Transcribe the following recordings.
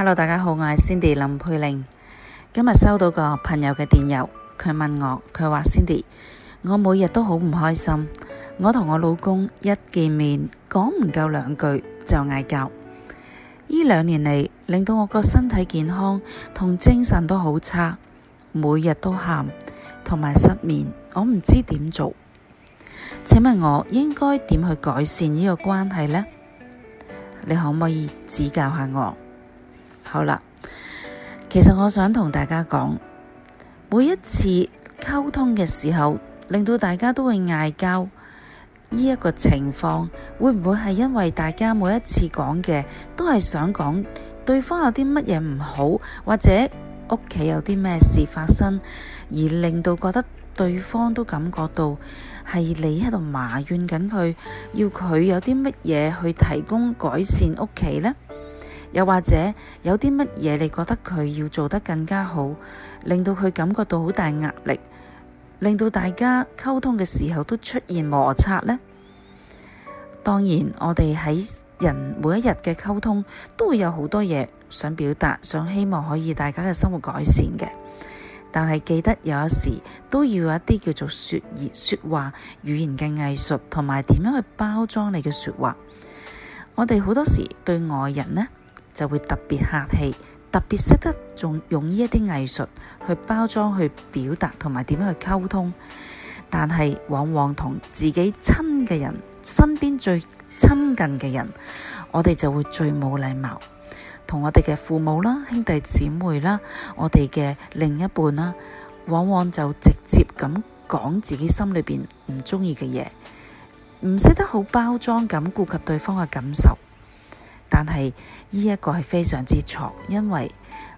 Hello，大家好，我係 Cindy 林佩玲。今日收到個朋友嘅電郵，佢問我，佢話 Cindy，我每日都好唔開心，我同我老公一見面講唔夠兩句就嗌交。呢兩年嚟，令到我個身體健康同精神都好差，每日都喊同埋失眠，我唔知點做，請問我應該點去改善呢個關係呢？你可唔可以指教下我？好啦，其實我想同大家講，每一次溝通嘅時候，令到大家都會嗌交，呢一個情況會唔會係因為大家每一次講嘅都係想講對方有啲乜嘢唔好，或者屋企有啲咩事發生，而令到覺得對方都感覺到係你喺度埋怨緊佢，要佢有啲乜嘢去提供改善屋企呢？又或者有啲乜嘢，你覺得佢要做得更加好，令到佢感覺到好大壓力，令到大家溝通嘅時候都出現摩擦咧。當然，我哋喺人每一日嘅溝通都會有好多嘢想表達，想希望可以大家嘅生活改善嘅。但係記得有一時都要有一啲叫做説話説話語言嘅藝術同埋點樣去包裝你嘅說話。我哋好多時對外人咧。就會特別客氣，特別識得用呢一啲藝術去包裝、去表達同埋點樣去溝通。但係往往同自己親嘅人、身邊最親近嘅人，我哋就會最冇禮貌。同我哋嘅父母啦、兄弟姊妹啦、我哋嘅另一半啦，往往就直接咁講自己心裏面唔中意嘅嘢，唔識得好包裝咁顧及對方嘅感受。但係呢一個係非常之錯，因為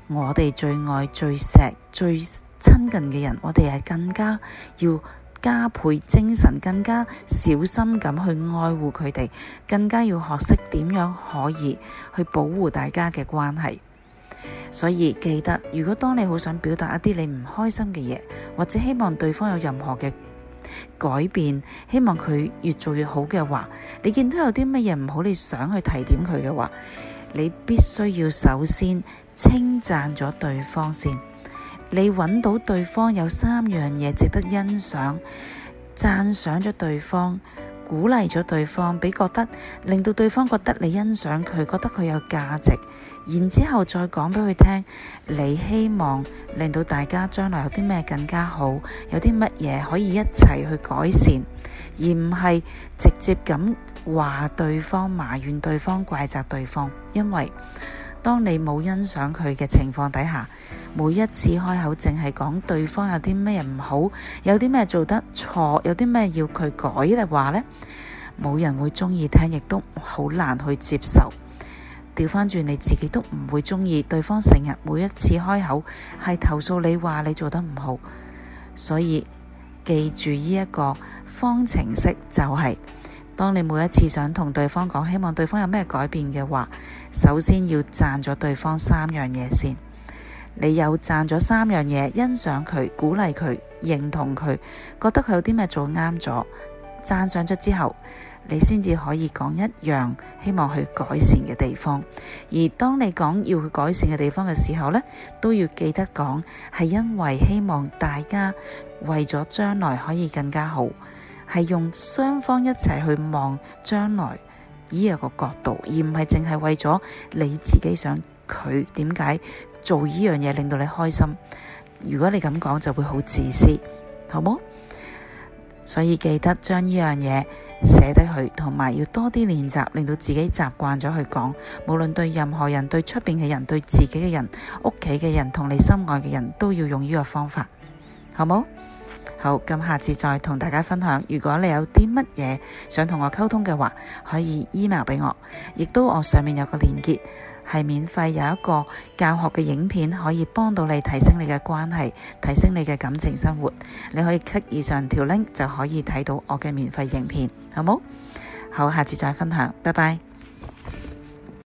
我哋最愛最錫最親近嘅人，我哋係更加要加倍精神，更加小心咁去愛護佢哋，更加要學識點樣可以去保護大家嘅關係。所以記得，如果當你好想表達一啲你唔開心嘅嘢，或者希望對方有任何嘅。改變，希望佢越做越好嘅話，你見到有啲乜嘢唔好，你想去提點佢嘅話，你必須要首先稱讚咗對方先。你揾到對方有三樣嘢值得欣賞，讚賞咗對方。鼓勵咗對方，俾覺得令到對方覺得你欣賞佢，覺得佢有價值，然之後再講俾佢聽，你希望令到大家將來有啲咩更加好，有啲乜嘢可以一齊去改善，而唔係直接咁話對方，埋怨對方，怪責對方，因為。當你冇欣賞佢嘅情況底下，每一次開口淨係講對方有啲咩唔好，有啲咩做得錯，有啲咩要佢改嘅話呢，冇人會中意聽，亦都好難去接受。調翻轉你自己都唔會中意，對方成日每一次開口係投訴你話你做得唔好，所以記住呢一個方程式就係，是。當你每一次想同對方講，希望對方有咩改變嘅話，首先要讚咗對方三樣嘢先。你有讚咗三樣嘢，欣賞佢、鼓勵佢、認同佢，覺得佢有啲咩做啱咗，讚賞咗之後，你先至可以講一樣希望去改善嘅地方。而當你講要去改善嘅地方嘅時候呢，都要記得講係因為希望大家為咗將來可以更加好。係用雙方一齊去望將來呢個角度，而唔係淨係為咗你自己想佢點解做依樣嘢令到你開心。如果你咁講就會好自私，好冇？所以記得將呢樣嘢寫低去，同埋要多啲練習，令到自己習慣咗去講。無論對任何人、對出邊嘅人、對自己嘅人、屋企嘅人同你心愛嘅人都要用呢個方法，好冇？好，咁下次再同大家分享。如果你有啲乜嘢想同我溝通嘅話，可以 email 俾我，亦都我上面有個連結，係免費有一個教學嘅影片，可以幫到你提升你嘅關係，提升你嘅感情生活。你可以 click 以上條 link 就可以睇到我嘅免費影片，好冇？好，下次再分享，拜拜。